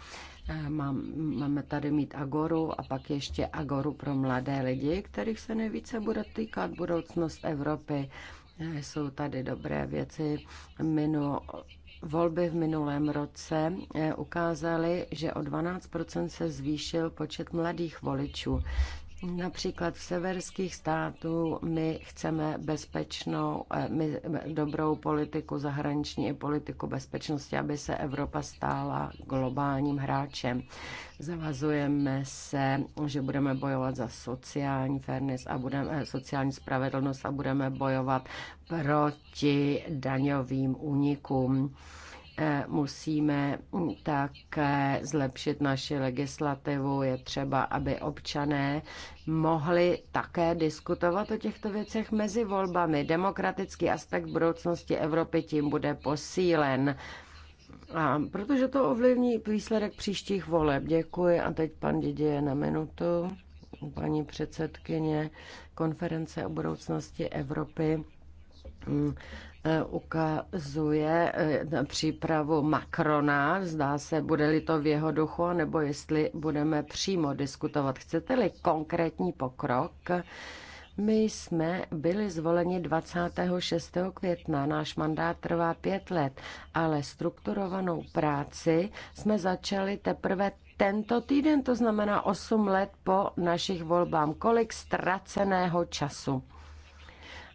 Eh, máme tady mít Agoru a pak ještě Agoru pro mladé lidi, kterých se nejvíce bude týkat budoucnost Evropy. Eh, jsou tady dobré věci. Minu, Volby v minulém roce eh, ukázaly, že o 12 se zvýšil počet mladých voličů. Například v severských států my chceme bezpečnou, eh, my eh, dobrou politiku zahraniční i politiku bezpečnosti, aby se Evropa stála globálním hráčem. Zavazujeme se, že budeme bojovat za sociální fairness a budeme, eh, sociální spravedlnost a budeme bojovat proti daňovým únikům musíme také zlepšit naši legislativu. Je třeba, aby občané mohli také diskutovat o těchto věcech mezi volbami. Demokratický aspekt budoucnosti Evropy tím bude posílen. A protože to ovlivní výsledek příštích voleb. Děkuji. A teď pan Didě na minutu. Paní předsedkyně konference o budoucnosti Evropy hmm. E, ukazuje e, přípravu Macrona, zdá se, bude-li to v jeho duchu, nebo jestli budeme přímo diskutovat. Chcete-li konkrétní pokrok? My jsme byli zvoleni 26. května, náš mandát trvá pět let, ale strukturovanou práci jsme začali teprve tento týden, to znamená 8 let po našich volbách. Kolik ztraceného času?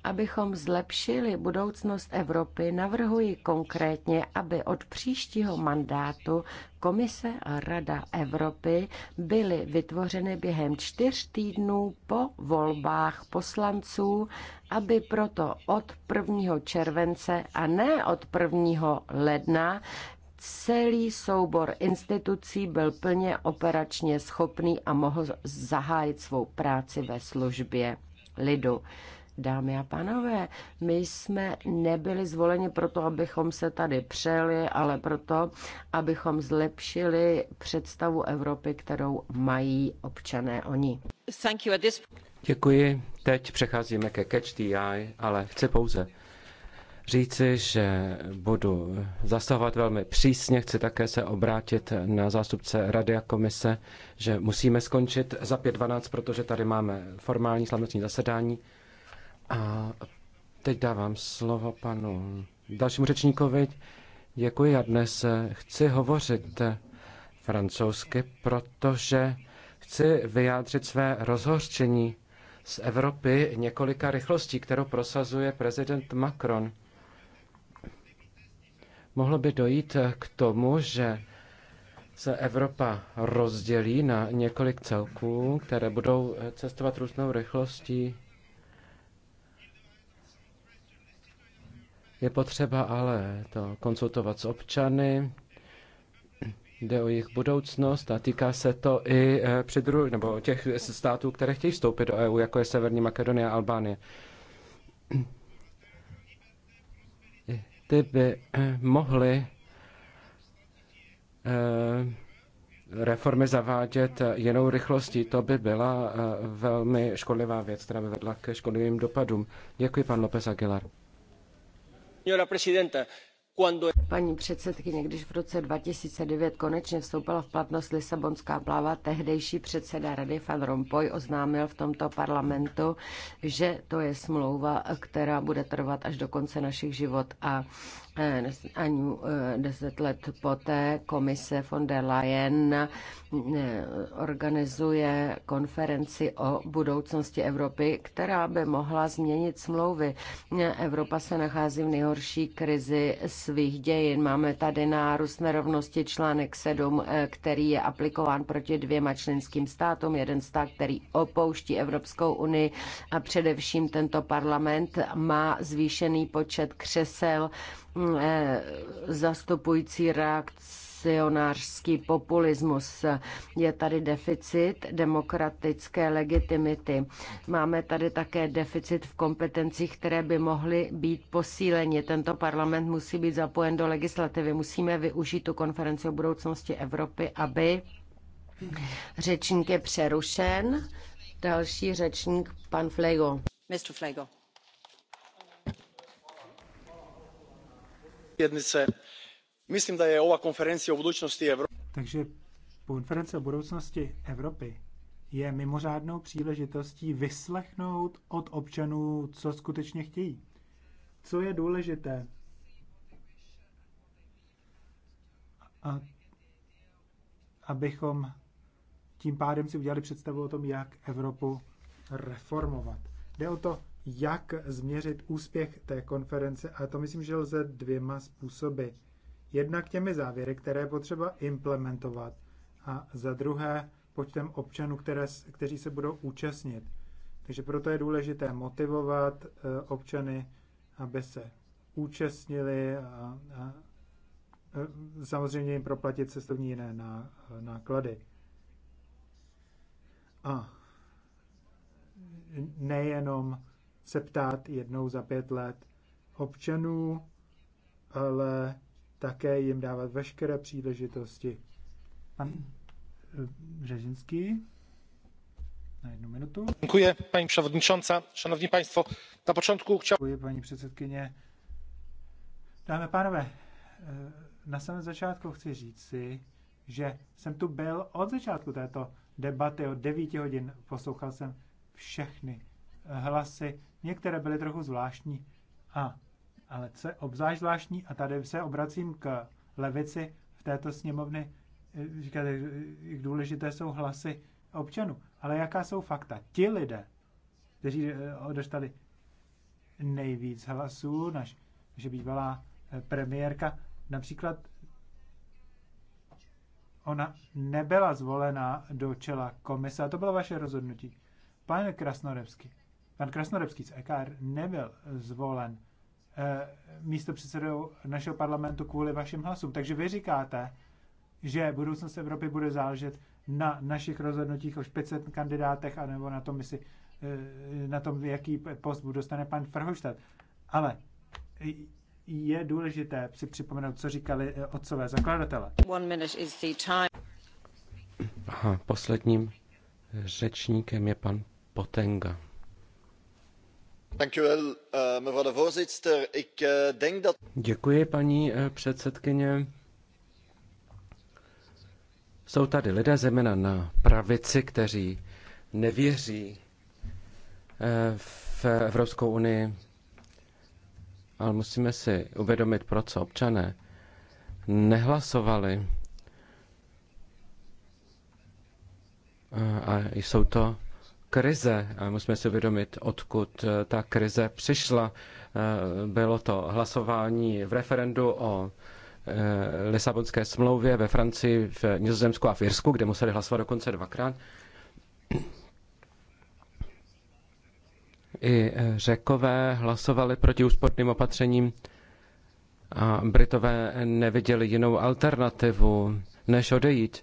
Abychom zlepšili budoucnost Evropy, navrhuji konkrétně, aby od příštího mandátu Komise a Rada Evropy byly vytvořeny během čtyř týdnů po volbách poslanců, aby proto od 1. července a ne od 1. ledna celý soubor institucí byl plně operačně schopný a mohl zahájit svou práci ve službě lidu. Dámy a pánové, my jsme nebyli zvoleni proto, abychom se tady přeli, ale proto, abychom zlepšili představu Evropy, kterou mají občané oni. Děkuji. Teď přecházíme ke Catch the Eye, ale chci pouze říci, že budu zasahovat velmi přísně. Chci také se obrátit na zástupce Rady a komise, že musíme skončit za 5.12, protože tady máme formální slavnostní zasedání. A teď dávám slovo panu dalšímu řečníkovi. Děkuji, já dnes eh, chci hovořit eh, francouzsky, protože chci vyjádřit své rozhořčení z Evropy několika rychlostí, kterou prosazuje prezident Macron. Mohlo by dojít eh, k tomu, že se Evropa rozdělí na několik celků, které budou cestovat různou rychlostí Je potřeba ale to konzultovat s občany, jde o jejich budoucnost a týká se to i eh, předru, nebo těch států, které chtějí vstoupit do EU, jako je Severní Makedonie a Albánie. Ty by eh, mohly eh, reformy zavádět jenou rychlostí. To by byla velmi škodlivá věc, která by vedla ke škodlivým dopadům. Děkuji, pan López Aguilar señora presidenta Paní předsedkyně, když v roce 2009 konečně vstoupila v platnost Lisabonská pláva, tehdejší předseda Rady Van Rompuy oznámil v tomto parlamentu, že to je smlouva, která bude trvat až do konce našich život a eh, ani eh, deset let poté komise von der Leyen eh, organizuje konferenci o budoucnosti Evropy, která by mohla změnit smlouvy. Evropa se nachází v nejhorší krizi s svých dějin. Máme tady nárůst nerovnosti článek 7, eh, který je aplikován proti dvěma členským státům. Jeden stát, který opouští Evropskou unii a především tento parlament má zvýšený počet křesel mm, eh, zastupující reakce reakcionářský populismus. Je tady deficit demokratické legitimity. Máme tady také deficit v kompetencích, které by mohly být posíleny. Tento parlament musí být zapojen do legislativy. Musíme využít tu konferenci o budoucnosti Evropy, aby řečník je přerušen. Další řečník, pan Flego. Mr. Flego. Myslím, že je ova konferencija o budoucnosti Evropy. Takže konference o budoucnosti Evropy je mimořádnou příležitostí vyslechnout od občanů, co skutečně chtějí. Co je důležité. A abychom tím pádem si udělali představu o tom, jak Evropu reformovat. Jde o to, jak změřit úspěch té konference a to myslím, že lze dvěma způsoby jednak těmi závěry, které je potřeba implementovat a za druhé počtem občanů, které, kteří se budou účastnit. Takže proto je důležité motivovat eh, občany, aby se účastnili a, a eh, samozřejmě jim proplatit cestovní jiné náklady. A nejenom se ptát jednou za pět let občanů, ale také jim dávat veškeré příležitosti. Pan Březinský. Eh, na jednu minutu. Děkuji, paní předsedající. Šanovní państwo, na počátku chtěl... Děkuji, paní předsedkyně. Dámy a pánové, eh, na samém začátku chci říct si, že jsem tu byl od začátku této debaty od 9 hodin. Poslouchal jsem všechny hlasy. Některé byly trochu zvláštní a ale co je obzvlášť zvláštní, a tady se obracím k levici v této sněmovny, eh, říkáte, jak důležité jsou hlasy občanů, ale jaká jsou fakta? Ti lidé, kteří eh, odeštali nejvíc hlasů, naš, naše bývalá eh, premiérka, například ona nebyla zvolena do čela komise, a to bylo vaše rozhodnutí. Pan Krasnodebský, pan Krasnodebský z EKR nebyl zvolen Eh, místo předsedou našeho parlamentu kvůli vašim hlasům. Takže vy říkáte, že budoucnost Evropy bude záležet na našich rozhodnutích o 500 kandidátech, anebo na tom, jestli, eh, na tom, jaký post dostane pan Verhofstadt. Ale je důležité si připomenout, co říkali eh, otcové zakladatele. Aha, posledním řečníkem je pan Potenga. Uh, uh, Děkuji, paní uh, předsedkyně. Jsou tady lidé, zejména na pravici, kteří nevěří v Evropskou unii, ale musíme si uvědomit, pro co občané nehlasovali. A jsou to krize. A musíme si uvědomit, odkud eh, ta krize přišla. Eh, bylo to hlasování v referendu o eh, Lisabonské smlouvě ve Francii, v Nizozemsku a v Irsku, kde museli hlasovat dokonce dvakrát. I řekové hlasovali proti úsporným opatřením a Britové neviděli jinou alternativu, než odejít.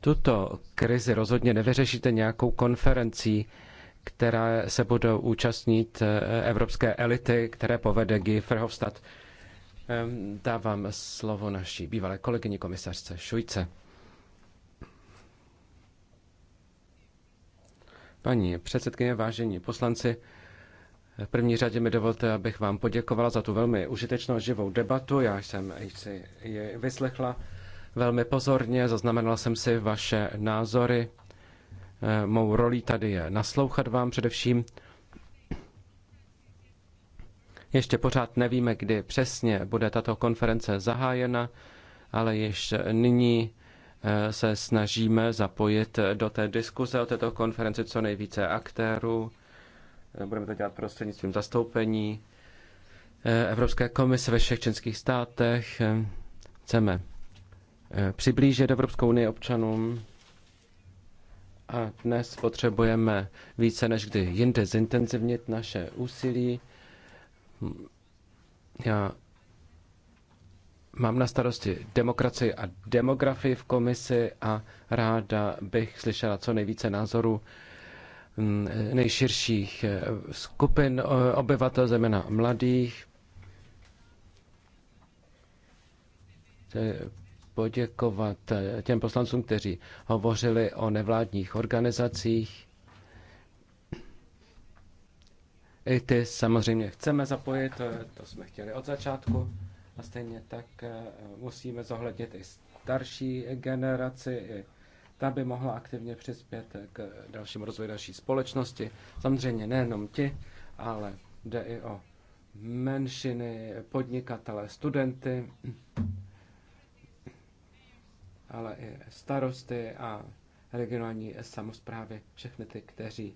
Tuto krizi rozhodně nevyřešíte nějakou konferencí, která se budou účastnit eh, evropské elity, které povede Guy Verhofstadt. Ehm, dávám slovo naší bývalé kolegyni komisařce Šujce. Paní předsedkyně, vážení poslanci, v první řadě mi dovolte, abych vám poděkovala za tu velmi užitečnou živou debatu. Já jsem si ji vyslechla velmi pozorně, zaznamenal jsem si vaše názory. Eh, mou rolí tady je naslouchat vám především. Ještě pořád nevíme, kdy přesně bude tato konference zahájena, ale již nyní eh, se snažíme zapojit do té diskuze o této konferenci co nejvíce aktérů. Eh, budeme to dělat prostřednictvím zastoupení Evropské komise ve všech členských státech. Chceme Eh, přiblížit Evropskou unii občanům. A dnes potřebujeme více než kdy jinde zintenzivnit naše úsilí. Já mám na starosti demokracii a demografii v komisi a ráda bych slyšela co nejvíce názorů mm, nejširších eh, skupin eh, obyvatel, zejména mladých poděkovat těm poslancům, kteří hovořili o nevládních organizacích. I ty samozřejmě chceme zapojit, to jsme chtěli od začátku. A stejně tak eh, musíme zohlednit i starší generaci, ta by mohla aktivně přispět k dalšímu rozvoji naší společnosti. Samozřejmě nejenom ti, ale jde i o menšiny, podnikatele, studenty ale i starosty a regionální samozprávy, všechny ty, kteří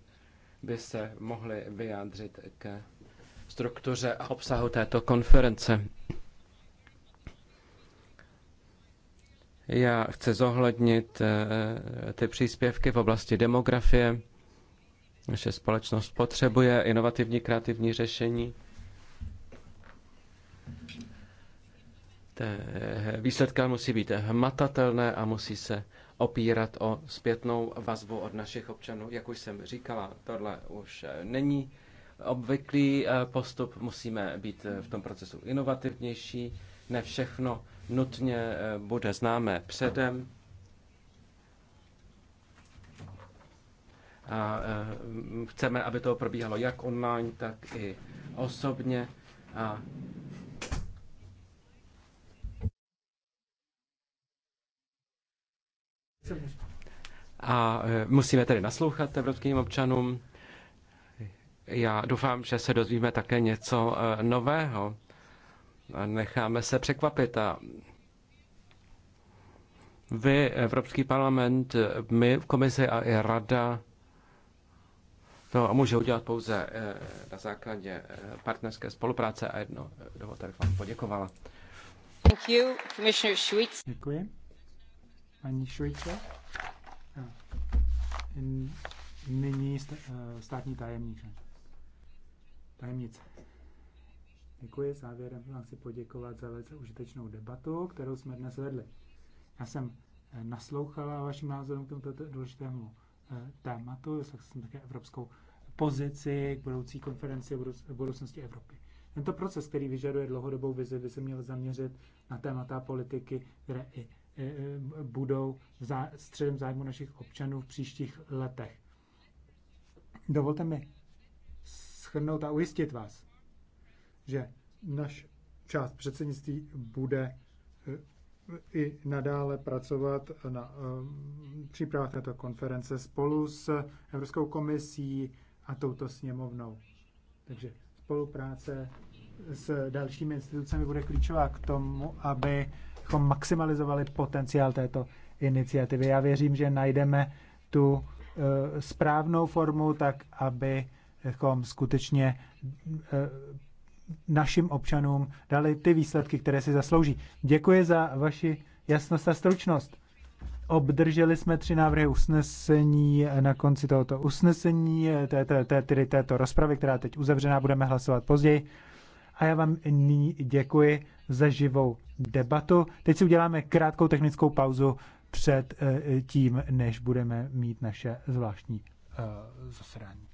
by se mohli vyjádřit k struktuře a obsahu této konference. Já chci zohlednit eh, ty příspěvky v oblasti demografie. Naše společnost potřebuje inovativní kreativní řešení. Eh, výsledka musí být hmatatelné a musí se opírat o zpětnou vazbu od našich občanů. Jak už jsem říkala, tohle už eh, není obvyklý eh, postup, musíme být v tom procesu inovativnější, ne všechno nutně bude známé předem. A chceme, aby to probíhalo jak online, tak i osobně. A A e, musíme tedy naslouchat evropským občanům. Já doufám, že se dozvíme také něco e, nového. Necháme se překvapit a vy, Evropský parlament, my v komisi a i rada to no může udělat pouze e, na základě partnerské spolupráce a jedno, dovolte, bych vám poděkovala. Thank you, Commissioner Děkuji paní Šujce. Nyní eh, státní tajemník. Tajemnice. Děkuji. Závěrem vám chci poděkovat za velice užitečnou debatu, kterou jsme dnes vedli. Já jsem eh, naslouchala vašim názorům k tomuto důležitému eh, tématu, tak jsem také evropskou pozici k budoucí konferenci o budoucnosti Evropy. Tento proces, který vyžaduje dlouhodobou vizi, by se měl zaměřit na témata politiky, které i E, e, budou zá, středem zájmu našich občanů v příštích letech. Dovolte mi schrnout a ujistit vás, že naš část předsednictví bude e, i nadále pracovat na přípravách této konference spolu s Evropskou komisí a touto sněmovnou. Takže spolupráce s dalšími institucemi bude klíčová k tomu, abychom maximalizovali potenciál této iniciativy. Já věřím, že najdeme tu e, správnou formu, tak abychom skutečně e, našim občanům dali ty výsledky, které si zaslouží. Děkuji za vaši jasnost a stručnost. Obdrželi jsme tři návrhy usnesení na konci tohoto usnesení, tedy této rozpravy, která teď uzavřená, budeme hlasovat později a já vám nyní děkuji za živou debatu. Teď si uděláme krátkou technickou pauzu před eh, tím, než budeme mít naše zvláštní eh, zasedání.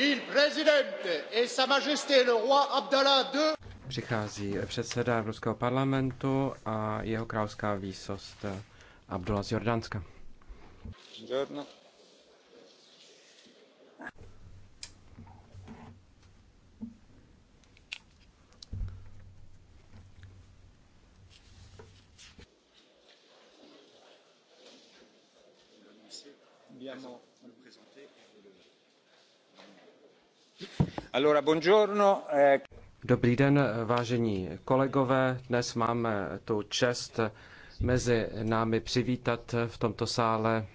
Il presidente sa majesté le roi Abdallah II. Přichází předseda Evropského parlamentu a jeho královská výsost eh, Abdullah z Jordánska. Buongiorno. Eh. Dobrý den, vážení kolegové. Dnes máme tu čest mezi námi přivítat v tomto sále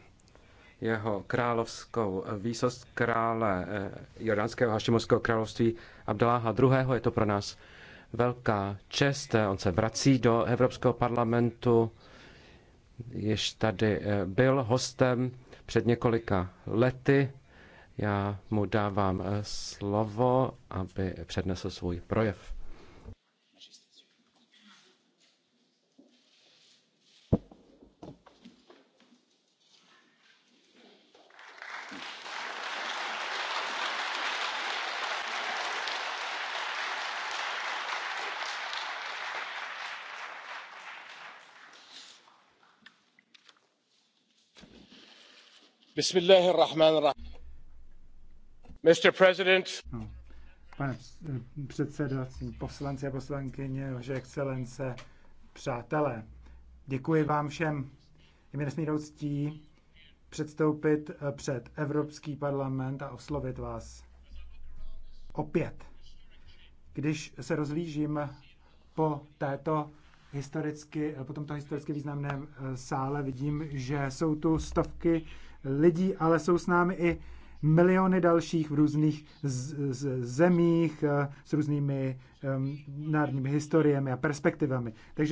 jeho královskou výsost krále eh, Jordánského hašimovského království Abdaláha II. Je to pro nás velká čest. On se vrací do Evropského parlamentu, jež tady eh, byl hostem před několika lety já mu dávám eh, slovo, aby přednesl svůj projev. بسم الله الرحمن الرحيم No. Pane eh, předsedající, poslanci a poslankyně, vaše excelence, přátelé, děkuji vám všem. Je mi nesmírnou ctí předstoupit eh, před Evropský parlament a oslovit vás opět. Když se rozlížím po této historicky, eh, po tomto historicky významném sále, vidím, že jsou tu stovky lidí, ale jsou s námi i miliony dalších v různých z, z, zemích eh, s různými um, národními historiemi a perspektivami. Takže